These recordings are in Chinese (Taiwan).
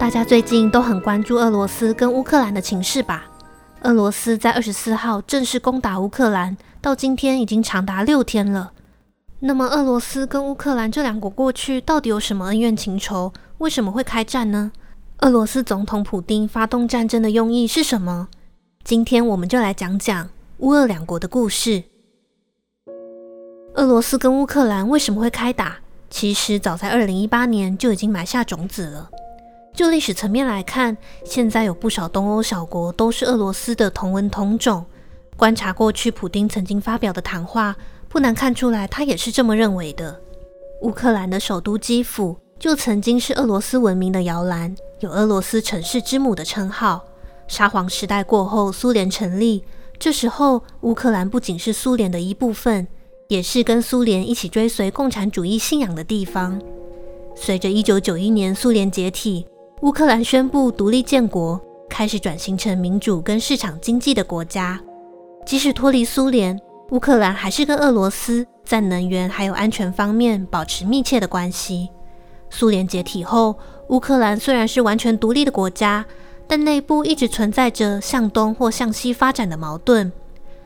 大家最近都很關注俄羅斯跟烏克蘭的情勢吧？俄羅斯在二十四號正式攻打烏克蘭，到今天已經長達六天了。那麼，俄羅斯跟烏克蘭這兩國過去到底有什麼恩怨情仇？為什麼會開戰呢？俄羅斯總統普丁發動戰爭的用意是什麼？今天我們就來講講烏俄兩國的故事。俄羅斯跟烏克蘭為什麼會開打？其實早在二零一八年就已經埋下種子了。就歷史層面來看，現在有不少東歐小國都是俄羅斯的同文同種。觀察過去，普丁曾經發表的談話，不難看出來，他也是這麼認為的。烏克蘭的首都基輔就曾經是俄羅斯文明的搖籃，有俄羅斯城市之母的稱號。沙皇時代過後，蘇聯成立，這時候烏克蘭不僅是蘇聯的一部分，也是跟蘇聯一起追隨共產主義信仰的地方。隨着1991年蘇聯解體，烏克蘭宣布獨立建國，開始轉型成民主跟市場經濟的國家。即使脫離蘇聯，烏克蘭還是跟俄羅斯在能源還有安全方面保持密切的關係。蘇聯解體後，烏克蘭雖然是完全獨立的國家，但內部一直存在着向東或向西發展的矛盾，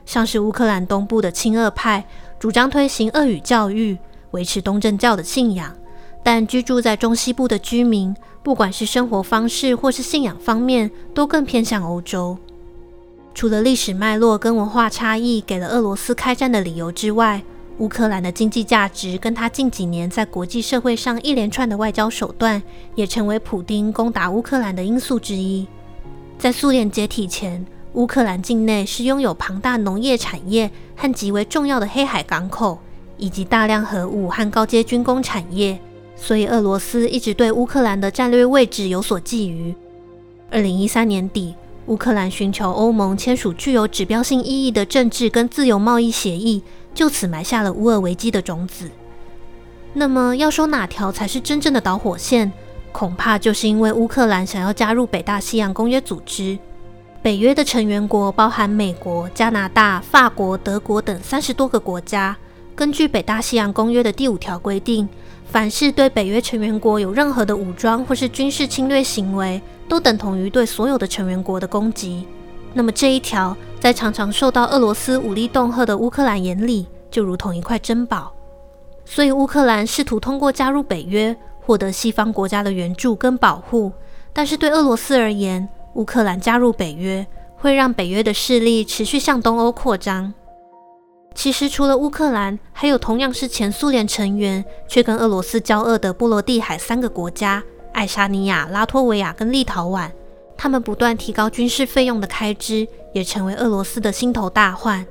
像是烏克蘭東部的親俄派主張推行俄語教育，維持東正教的信仰。但居住在中西部的居民，不管是生活方式或是信仰方面，都更偏向歐洲。除了歷史脈絡跟文化差異給了俄羅斯開戰的理由之外，烏克蘭的經濟價值跟他近幾年在國際社會上一連串的外交手段，也成為普丁攻打烏克蘭的因素之一。在蘇聯解體前，烏克蘭境內是擁有龐大農業產業和極為重要的黑海港口，以及大量核武和高階軍工產業。所以，俄羅斯一直對烏克蘭的戰略位置有所覬覦。二零一三年底，烏克蘭尋求歐盟簽署具有指標性意義的政治跟自由貿易協議，就此埋下了烏俄危機的種子。那麼，要說哪條才是真正的導火線，恐怕就是因為烏克蘭想要加入北大西洋公約組織。北約的成員國包含美國、加拿大、法國、德國等三十多個國家。根據北大西洋公約的第五條規定。凡是對北約成員國有任何的武裝或是軍事侵略行為，都等同於對所有的成員國的攻擊。那麼這一條，在常常受到俄羅斯武力恫嚇的烏克蘭眼裡，就如同一塊珍寶。所以烏克蘭試圖通過加入北約，獲得西方國家的援助跟保護。但是對俄羅斯而言，烏克蘭加入北約，會讓北約的勢力持續向東歐擴張。其實，除了烏克蘭，還有同樣是前蘇聯成員卻跟俄羅斯交惡的波羅的海三個國家——愛沙尼亞、拉脫維亞跟立陶宛。他們不斷提高軍事費用的開支，也成為俄羅斯的心頭大患。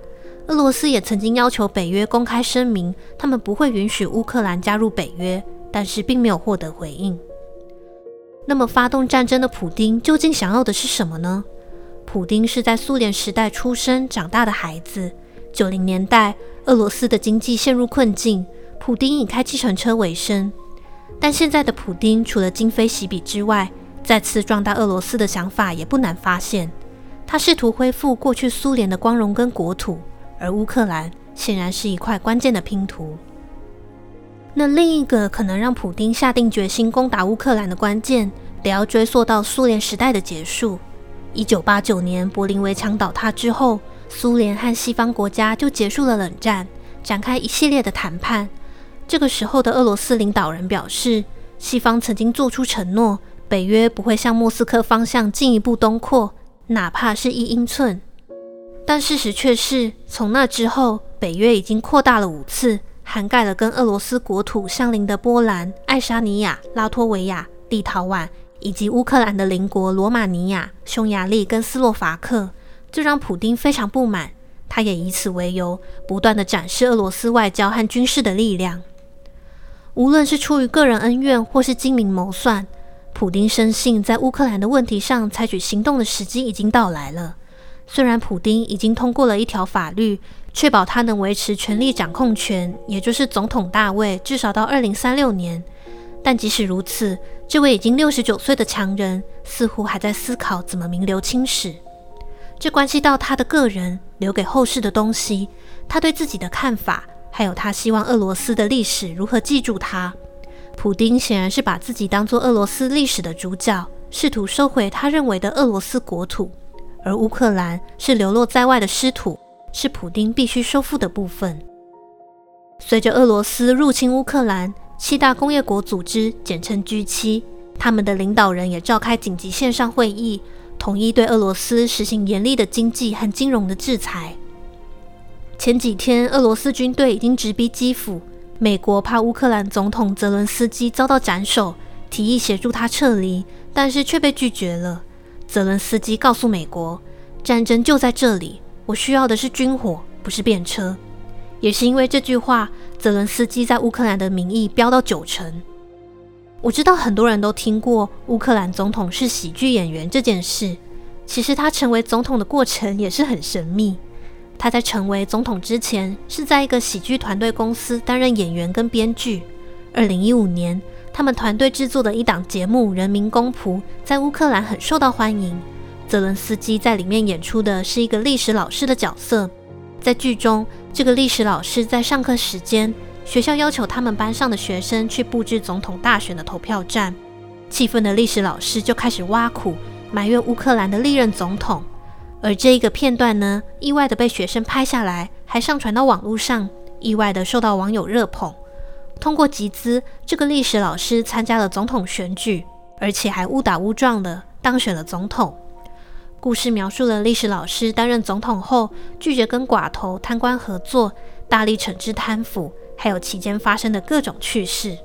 俄羅斯也曾經要求北約公開聲明，他們不會允許烏克蘭加入北約，但是並沒有獲得回應。那麼，發動戰爭的普丁究竟想要的是什麼呢？普丁是在蘇聯時代出生長大的孩子。九零年代，俄羅斯的經濟陷入困境，普丁以開計程車為生。但現在的普丁除了今非昔比之外，再次壯大俄羅斯的想法也不難發現。他試圖恢復過去蘇聯的光榮跟國土，而烏克蘭顯然是一塊關鍵的拼圖。那另一個可能讓普丁下定決心攻打烏克蘭的關鍵，得要追溯到蘇聯時代的結束。一九八九年柏林圍牆倒塌之後，蘇聯和西方國家就結束了冷戰，展開一系列的談判。這個時候的俄羅斯領導人表示，西方曾經做出承諾，北約不會向莫斯科方向進一步東擴，哪怕是一英寸。但事實卻是，從那之後，北約已經擴大了五次，涵蓋了跟俄羅斯國土相鄰的波蘭、愛沙尼亞、拉脫維亞、立陶宛，以及烏克蘭的鄰國羅馬尼亞、匈牙利跟斯洛伐克。這讓普丁非常不滿，他也以此為由，不斷地展示俄羅斯外交和軍事的力量。無論是出於個人恩怨，或是精明謀算，普丁深信在烏克蘭的問題上採取行動的時機已經到來了。雖然普丁已經通過了一條法律，確保他能維持權力掌控權，也就是總統大位，至少到二零三六年，但即使如此，這位已經六十九歲的強人似乎還在思考怎麼名留青史。這關係到他的個人留給後世的東西，他對自己的看法，還有他希望俄羅斯的歷史如何記住他。普丁顯然是把自己當做俄羅斯歷史的主角，試圖收回他認為的俄羅斯國土，而烏克蘭是流落在外的失土，是普丁必須收復的部分。隨着俄羅斯入侵烏克蘭，七大工業國組織簡稱 G7，他們的領導人也召開緊急綫上會議。統一對俄羅斯實行嚴厲的經濟和金融的制裁。前幾天，俄羅斯軍隊已經直逼基輔，美國怕烏克蘭總統澤倫斯基遭到斬首，提議協助他撤離，但是卻被拒絕了。澤倫斯基告訴美國：“戰爭就在這裡，我需要的是軍火，不是便車。”也是因為這句話，澤倫斯基在烏克蘭的民意飆到九成。我知道很多人都聽過烏克蘭總統是喜劇演員這件事。其實他成為總統的過程也是很神秘。他在成為總統之前是在一個喜劇團隊公司擔任演員跟編劇。二零一五年，他們團隊製作的一檔節目《人民公僕》在烏克蘭很受到歡迎。澤倫斯基在裡面演出的是一個歷史老師的角色。在劇中，這個歷史老師在上課時間。學校要求他們班上的學生去布置總統大選的投票站，氣憤的歷史老師就開始挖苦埋怨烏克蘭的歷任總統。而這一個片段呢，意外的被學生拍下來，還上傳到網絡上，意外的受到網友熱捧。通過集資，這個歷史老師參加了總統選舉，而且還誤打誤撞的當選了總統。故事描述了歷史老師擔任總統後，拒絕跟寡頭貪官合作，大力懲治貪腐。還有其間發生的各種趣事，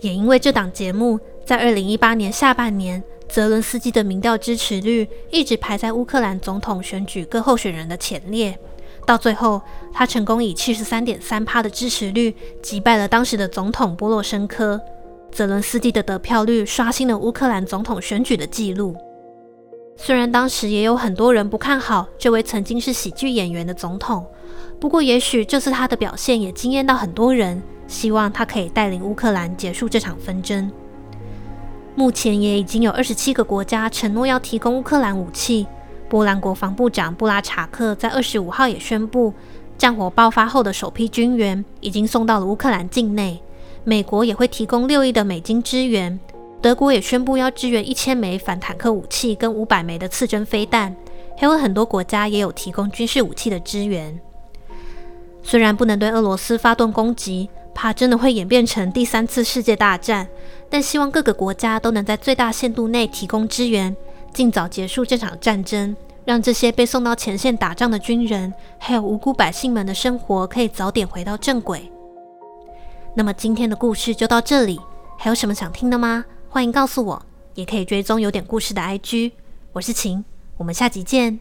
也因為這檔節目，在二零一八年下半年，澤倫斯基的民調支持率一直排在烏克蘭總統選舉各候選人的前列。到最後，他成功以七十三點三趴的支持率擊敗了當時的總統波羅申科，澤倫斯基的得票率刷新了烏克蘭總統選舉的紀錄。雖然當時也有很多人不看好這位曾經是喜劇演員的總統，不過也許這次他的表現也驚艷到很多人，希望他可以帶領烏克蘭結束這場紛爭。目前也已經有二十七個國家承諾要提供烏克蘭武器。波蘭國防部長布拉查克在二十五號也宣布，戰火爆發後的首批軍援已經送到了烏克蘭境內。美國也會提供六億的美金支援。德國也宣布要支援一千枚反坦克武器跟五百枚的刺針飛彈，還有很多國家也有提供軍事武器的支援。雖然不能對俄羅斯發動攻擊，怕真的會演變成第三次世界大戰，但希望各個國家都能在最大限度內提供支援，盡早結束這場戰爭，讓這些被送到前線打仗的軍人還有無辜百姓們的生活可以早點回到正軌。那麼今天的故事就到這裡，還有什麼想聽的嗎？歡迎告訴我，也可以追蹤有點故事的 IG。我是晴，我們下集見。